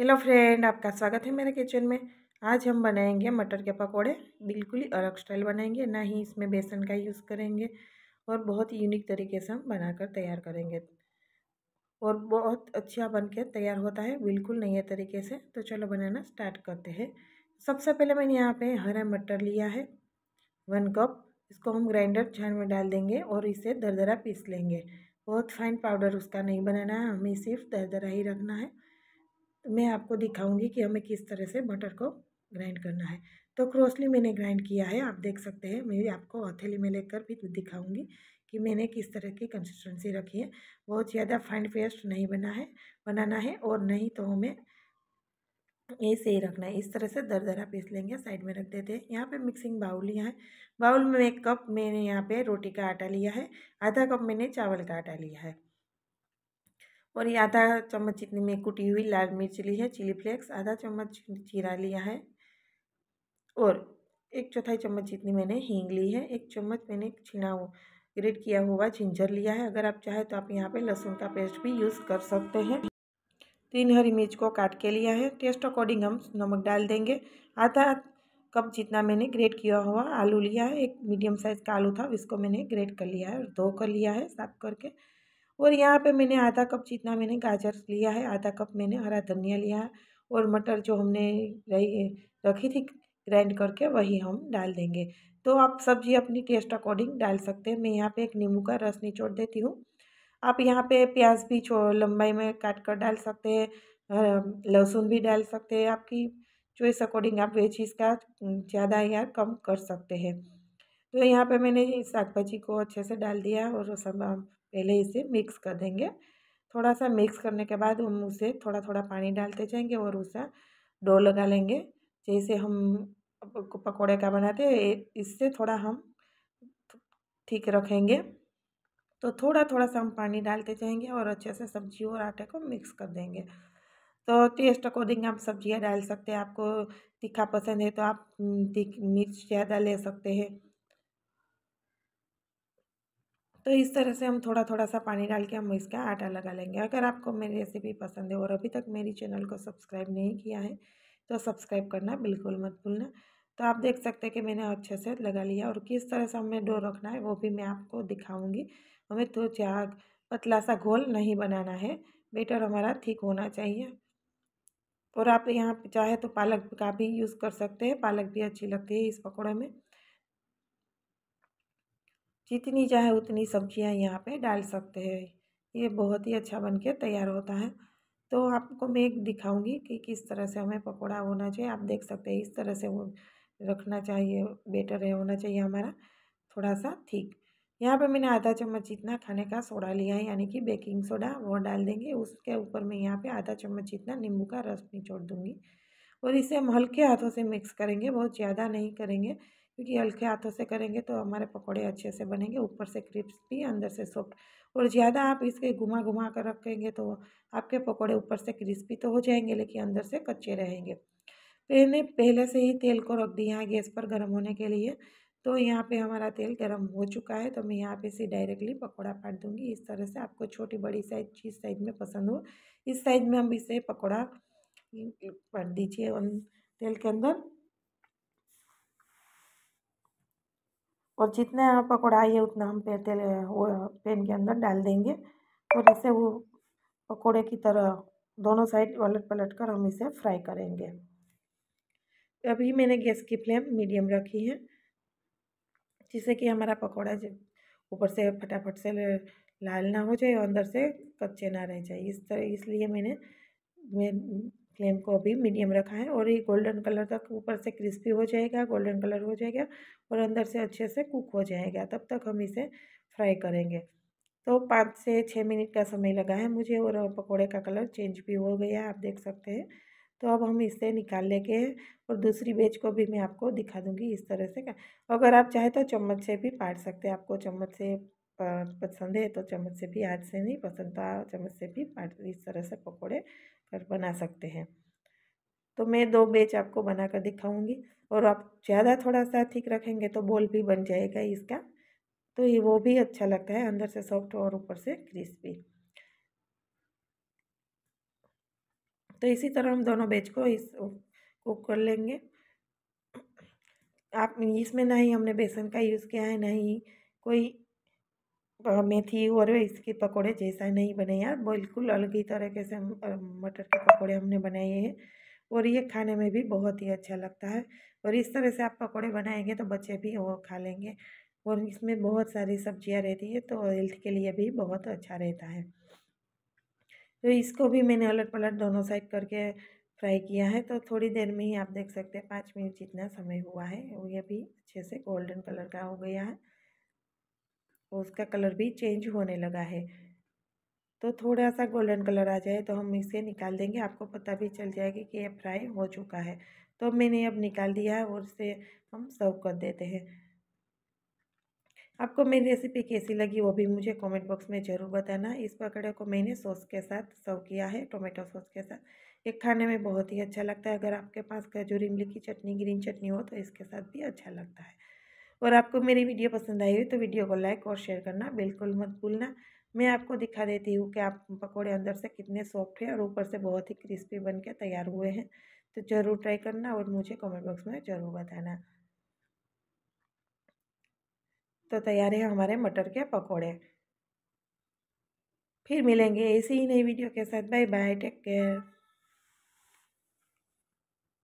hello friend आपका स्वागत है मेरे किचन में आज हम बनाएंगे मटर के पकोड़े बिल्कुल ही अलग स्टाइल बनाएंगे ना ही इसमें बेसन का यूज़ करेंगे और बहुत ही यूनिक तरीके से हम बनाकर तैयार करेंगे और बहुत अच्छा बन के तैयार होता है बिल्कुल नए तरीके से तो चलो बनाना स्टार्ट करते हैं सबसे पहले मैंने यहाँ पर हरा मटर लिया है वन कप इसको हम ग्राइंडर छान में डाल देंगे और इसे दरदरा पीस लेंगे बहुत फाइन पाउडर उसका नहीं बनाना है हमें सिर्फ दरदरा ही रखना है तो मैं आपको दिखाऊंगी कि हमें किस तरह से बटर को ग्राइंड करना है तो क्रोसली मैंने ग्राइंड किया है आप देख सकते हैं मैं आपको हथेली में लेकर भी दिखाऊंगी कि मैंने किस तरह की कंसिस्टेंसी रखी है बहुत ज़्यादा फाइन पेस्ट नहीं बना है बनाना है और नहीं तो हमें ऐसे ही रखना है इस तरह से दर दरा पीस लेंगे साइड में रख देते हैं यहाँ पे मिक्सिंग बाउल लिया है बाउल में एक कप मैंने यहाँ पे रोटी का आटा लिया है आधा कप मैंने चावल का आटा लिया है और ये आधा चम्मच जितनी में कुटी हुई लाल मिर्च ली है चिली फ्लेक्स आधा चम्मच जीरा लिया है और एक चौथाई चम्मच जितनी मैंने हींग ली है एक चम्मच मैंने छिना ग्रेट किया हुआ जिंजर लिया है अगर आप चाहे तो आप यहाँ पे लहसुन का पेस्ट भी यूज़ कर सकते हैं तीन हरी मिर्च को काट के लिया है टेस्ट अकॉर्डिंग हम नमक डाल देंगे आधा कप जितना मैंने ग्रेट किया हुआ आलू लिया है एक मीडियम साइज़ का आलू था इसको मैंने ग्रेट कर लिया है और धो कर लिया है साफ करके और यहाँ पे मैंने आधा कप जितना मैंने गाजर लिया है आधा कप मैंने हरा धनिया लिया है और मटर जो हमने रही रखी थी ग्राइंड करके वही हम डाल देंगे तो आप सब्जी अपनी टेस्ट अकॉर्डिंग डाल सकते हैं मैं यहाँ पे एक नींबू का रस निचोड़ देती हूँ आप यहाँ पे प्याज भी लंबाई में काट कर डाल सकते हैं लहसुन भी डाल सकते हैं आपकी चॉइस अकॉर्डिंग आप वेजीज का ज़्यादा या कम कर सकते हैं तो यहाँ पे मैंने साग भाजी को अच्छे से डाल दिया और पहले इसे मिक्स कर देंगे थोड़ा सा मिक्स करने के बाद हम उसे थोड़ा थोड़ा पानी डालते जाएंगे और उसे डो लगा लेंगे जैसे हम पकोड़े का बनाते हैं इससे थोड़ा हम ठीक रखेंगे तो थोड़ा थोड़ा सा हम पानी डालते जाएंगे और अच्छे से सब्जी और आटे को मिक्स कर देंगे तो टेस्ट अकॉर्डिंग आप सब्जियाँ डाल सकते हैं आपको तीखा पसंद है तो आप मिर्च ज़्यादा ले सकते हैं तो इस तरह से हम थोड़ा थोड़ा सा पानी डाल के हम इसका आटा लगा लेंगे अगर आपको मेरी रेसिपी पसंद है और अभी तक मेरी चैनल को सब्सक्राइब नहीं किया है तो सब्सक्राइब करना बिल्कुल मत भूलना तो आप देख सकते हैं कि मैंने अच्छे से लगा लिया और किस तरह से हमें डो रखना है वो भी मैं आपको दिखाऊँगी हमें तो चाक पतला सा घोल नहीं बनाना है बेटर हमारा ठीक होना चाहिए और आप यहाँ चाहे तो पालक का भी यूज़ कर सकते हैं पालक भी अच्छी लगती है इस पकौड़े में जितनी चाहे उतनी सब्जियां यहाँ पे डाल सकते हैं ये बहुत ही अच्छा बन के तैयार होता है तो आपको मैं एक दिखाऊंगी कि किस तरह से हमें पकौड़ा होना चाहिए आप देख सकते हैं इस तरह से वो रखना चाहिए बेटर है होना चाहिए हमारा थोड़ा सा ठीक यहाँ पे मैंने आधा चम्मच जितना खाने का सोडा लिया है यानी कि बेकिंग सोडा वो डाल देंगे उसके ऊपर मैं यहाँ पे आधा चम्मच जितना नींबू का रस निचोड़ दूँगी और इसे हम हल्के हाथों से मिक्स करेंगे बहुत ज़्यादा नहीं करेंगे क्योंकि हल्के हाथों से करेंगे तो हमारे पकौड़े अच्छे से बनेंगे ऊपर से क्रिस्पी अंदर से सॉफ्ट और ज़्यादा आप इसके घुमा घुमा कर रखेंगे तो आपके पकौड़े ऊपर से क्रिस्पी तो हो जाएंगे लेकिन अंदर से कच्चे रहेंगे मैंने पहले से ही तेल को रख दिया है गैस पर गर्म होने के लिए तो यहाँ पे हमारा तेल गर्म हो चुका है तो मैं यहाँ पे से डायरेक्टली पकौड़ा काट दूँगी इस तरह से आपको छोटी बड़ी साइज जिस साइज में पसंद हो इस साइज में हम इसे पकौड़ा काट दीजिए तेल के अंदर और जितने पकौड़ाई है उतना हम पे तेल वो पैन के अंदर डाल देंगे और इसे वो पकौड़े की तरह दोनों साइड पलट पलट कर हम इसे फ्राई करेंगे अभी मैंने गैस की फ्लेम मीडियम रखी है जिससे कि हमारा पकौड़ा ऊपर से फटाफट से लाल ना हो जाए और अंदर से कच्चे ना रह जाए इस तरह इसलिए मैंने मैं फ्लेम को अभी मीडियम रखा है और ये गोल्डन कलर तक ऊपर से क्रिस्पी हो जाएगा गोल्डन कलर हो जाएगा और अंदर से अच्छे से कुक हो जाएगा तब तक हम इसे फ्राई करेंगे तो पाँच से छः मिनट का समय लगा है मुझे और पकौड़े का कलर चेंज भी हो गया है आप देख सकते हैं तो अब हम इसे निकाल लेंगे और दूसरी बेच को भी मैं आपको दिखा दूँगी इस तरह से अगर आप चाहे तो चम्मच से भी पाट सकते हैं आपको चम्मच से पसंद है तो चम्मच से भी हाथ से नहीं पसंद तो चम्मच से भी इस तरह से पकोड़े कर बना सकते हैं तो मैं दो बेच आपको बना कर दिखाऊँगी और आप ज़्यादा थोड़ा सा ठीक रखेंगे तो बोल भी बन जाएगा इसका तो ये वो भी अच्छा लगता है अंदर से सॉफ्ट और ऊपर से क्रिस्पी तो इसी तरह हम दोनों बेच को इस कुक कर लेंगे आप इसमें ना ही हमने बेसन का यूज़ किया है ना ही कोई मेथी और इसके पकोड़े जैसा नहीं बने यार बिल्कुल अलग ही तरीके से मटर के पकोड़े हमने बनाए हैं और ये खाने में भी बहुत ही अच्छा लगता है और इस तरह से आप पकोड़े बनाएंगे तो बच्चे भी वो खा लेंगे और इसमें बहुत सारी सब्जियां रहती है तो हेल्थ के लिए भी बहुत अच्छा रहता है तो इसको भी मैंने अलट पलट दोनों साइड करके फ्राई किया है तो थोड़ी देर में ही आप देख सकते हैं पाँच मिनट जितना समय हुआ है वो ये भी अच्छे से गोल्डन कलर का हो गया है और तो उसका कलर भी चेंज होने लगा है तो थोड़ा सा गोल्डन कलर आ जाए तो हम इसे निकाल देंगे आपको पता भी चल जाएगा कि यह फ्राई हो चुका है तो मैंने अब निकाल दिया है और इसे हम सर्व कर देते हैं आपको मेरी रेसिपी कैसी लगी वो भी मुझे कमेंट बॉक्स में ज़रूर बताना इस पकड़े को मैंने सॉस के साथ सर्व किया है टोमेटो सॉस के साथ ये खाने में बहुत ही अच्छा लगता है अगर आपके पास खजूर इमली की चटनी ग्रीन चटनी हो तो इसके साथ भी अच्छा लगता है और आपको मेरी वीडियो पसंद आई हुई तो वीडियो को लाइक और शेयर करना बिल्कुल मत भूलना मैं आपको दिखा देती हूँ कि आप पकौड़े अंदर से कितने सॉफ्ट है और ऊपर से बहुत ही क्रिस्पी बन के तैयार हुए हैं तो ज़रूर ट्राई करना और मुझे कमेंट बॉक्स में ज़रूर बताना तो तैयार है हमारे मटर के पकौड़े फिर मिलेंगे ऐसी ही नई वीडियो के साथ बाय बाय टेक केयर